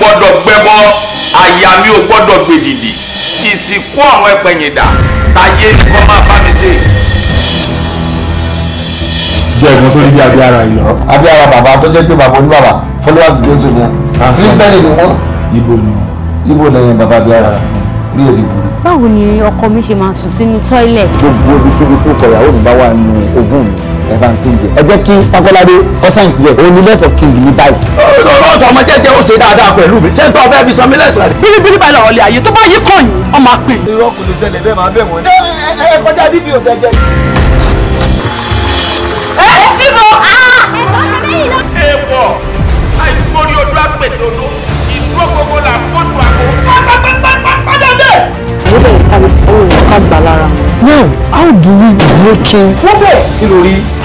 gbọ́dọ̀ gbẹ́bọ àyà mi ò gbọ́dọ̀ gbèdìdì ìsìnkú àwọn ẹ̀pẹ̀yìndà táyé kọ́ máa bá mi ṣe. jẹ́ ìgbọ́n tó ní bí abẹ́ ara yìí lọ. abẹ́ ara bàbá tó jẹ́ pé bàbá oníbàbà followers jésù ni kírísítẹ́nì ni wọ́n. ibo ni ibo lẹ́yìn bàbá abẹ́ ara rí ètí burú. báwo ni ọkọ mi ṣe máa sùn sínú tọ́ílẹ̀. gbogbo ibi kíbi tó kọ ìyàwó mi bá wà nínú ogún mi ẹ bá ń ṣe oúnjẹ ẹ jẹ́ kí Fakolade conscience bẹ̀ òun ni less of king ní báyìí. olóòtú ọmọ jẹjẹ ó ṣe dáadáa pẹ̀lú mi ṣé tó ọbẹ̀ fi san mí lẹ́sàn rẹ̀. bíríbírí báyìí làwọn ilé ayé tó bá yí kàn yín ọmọ àpè. irọ́ kò lè ṣẹlẹ̀ bẹ́ẹ̀ máa bẹ̀ wọ́n. ẹ kọjá dídì òjẹ jẹ. ẹ bíbọ. Ah! èèwọ̀ àìsíkórí ojú àpètòdó ìdúró gbogbo là ń kóṣù àgbo. kọ́dọ̀ bẹ́ẹ̀. ìwé bẹ̀rẹ̀ ká lè fọwọ́ ìwọ̀n ká gbà lára. now how do we break in. wọ́n bẹ̀ kí lórí.